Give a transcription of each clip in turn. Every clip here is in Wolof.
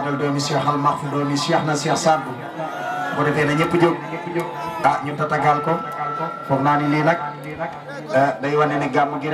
dal doomi Cheikh al Mahfou doomi Cheikh na Cheikh Saddu bu defee na ñëpp jóg ah ñu tatagal ko foog naa ni lii nag eh, day wane ne gàmm gi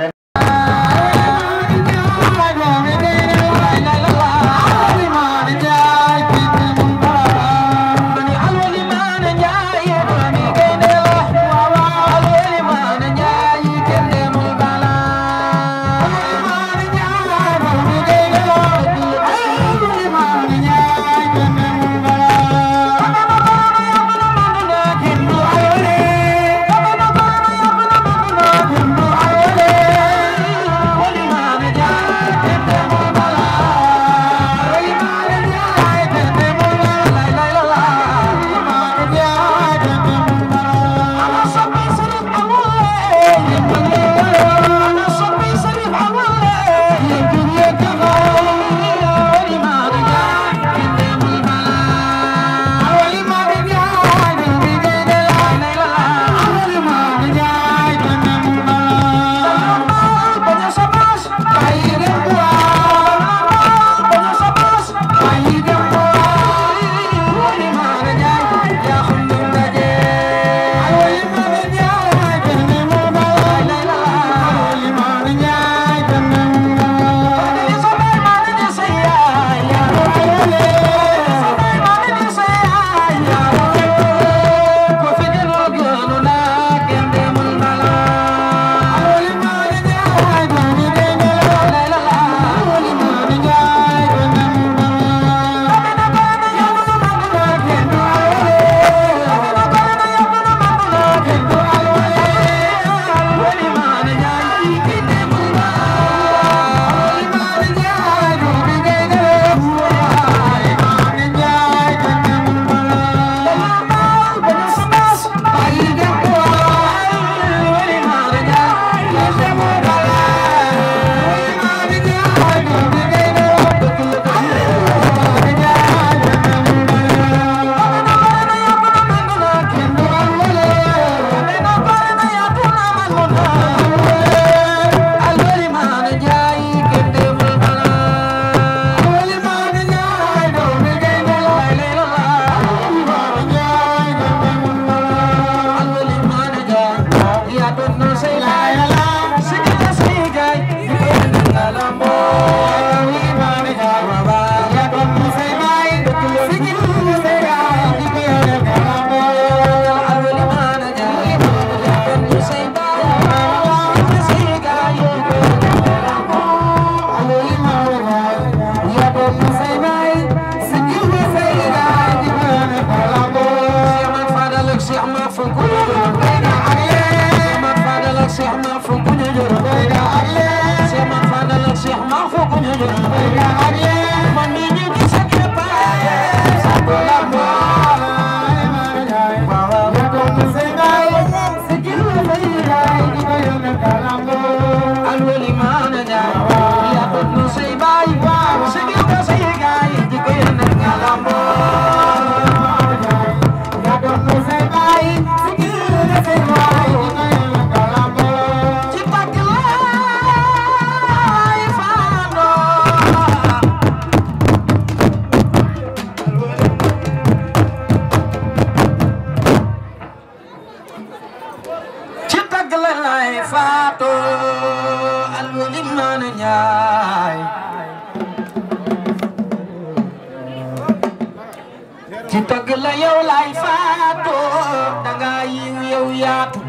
ci tagg la yow lay faatoo danga yiw yow yaatu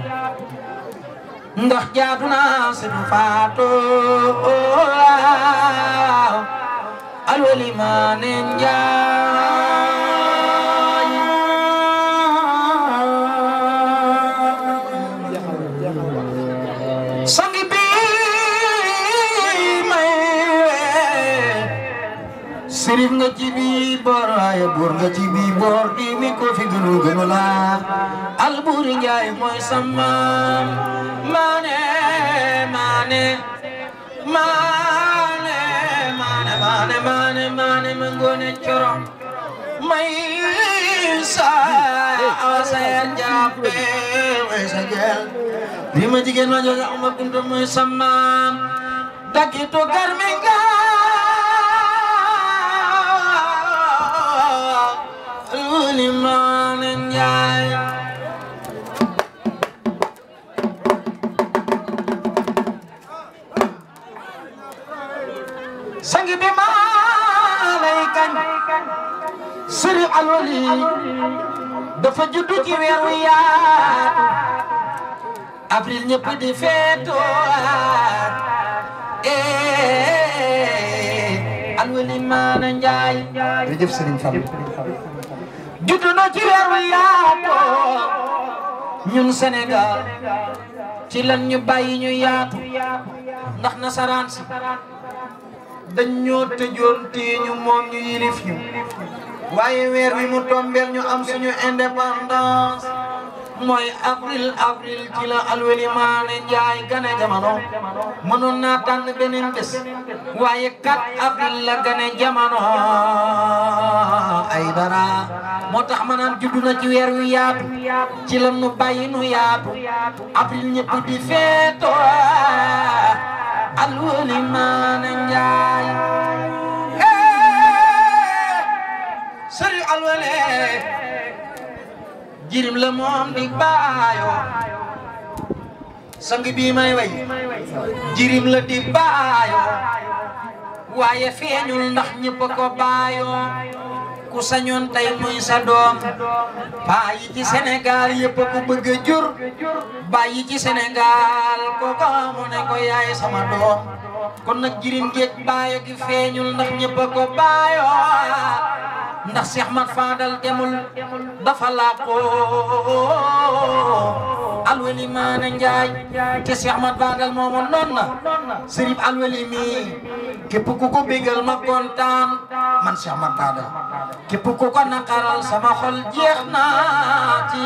ndax jaatu naa si faatoo alwali maa sëriñ nga ci bi boor waaye buur nga ci bi boor di mi ko fi dunu gënu laa albuuri njaay mooy sama maane maane maane maane maane maane maane ma ngoone coro may sa awa sa yan jaabe may sa jeel di ma jigéen ma jooja uma kuntu mooy sama dakki to garmi nga Habib Al Waly dafa juddu ci weer wi yaat avril ñëpp di feetowaat eh Al Waly maana Njaay. jërëjëf Serigne Fallou. juddu na ci weer wi yaatoo ñun Sénégal ci lan ñu bàyyi ñu yaatu ndax nasaraan si dañ ñoo tëjoon téye ñu moom ñu yilif ñu. waye wer wi mu tombeel ñu am suñu indépendance moy avril avril ci la alweli mané jaay gané jamano mënon na tan benen bes waye 4 avril la gané jamano ay dara motax manan juduna ci wer wi yaap ci la nu bàyyi nu avril ñepp di alweli mané jaay sëriñ alwale jirim la moom di baayo sang bii may way jirim la di baayo waaye feeñul ndax ñëpp ko baayo ku sañoon tey muy sa doom paa yi ci Sénégal yëpp ku bëgg a baay ci Sénégal kooku amu ne ko yaay sama doom kon nag jirim géej baayo gi feeñul ndax ñëpp ko baayo ndax Cheikh Ahmad Fadal demul ba fa làqoo alweli maana njaay te Cheikh Ahmad Fadal moomoon noon na sëriñ alweli mii képp ku ko bégal ma kontaan man Cheikh Ahmad Fadal képp ku ko naqaral sama xol jeex na ci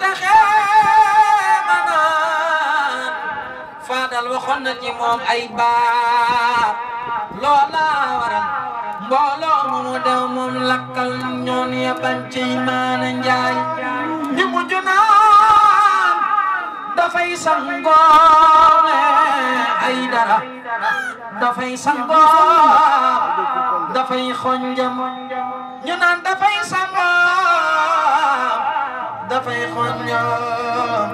taxee ma Fadal waxoon na ay baat loola waral mbooloo mu mu dew moom lakkal ñoon ya banci maana njaay ñi mujj naan dafay sangoone ay dara dafay sangoon dafay xonjam ñu naan dafay sangoon dafay xonjam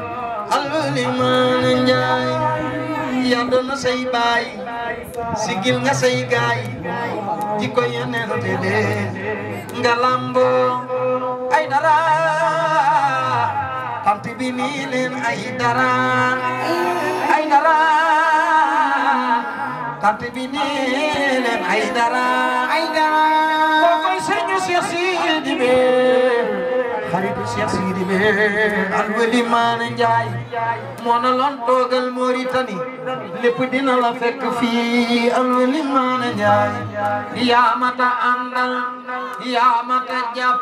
alwali maana njaay yàlla na say baay sigil nga say gaay jikko yeneen te de nga lambo ay dara pampi bi nii leen ay dara ay dara pampi bi nii leen ay dara ay dara kookoy sëñu si si di bee xarit Cheikh Sidi me alweli maana Njaay moo na loon toogal Moritani lépp dina la fekk fii alweli maana Njaay yaa mata àndal yaa mata xam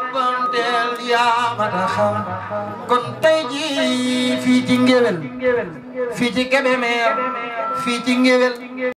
kon fii ci ngéwél fii ci Kébémer fii ci ngéwél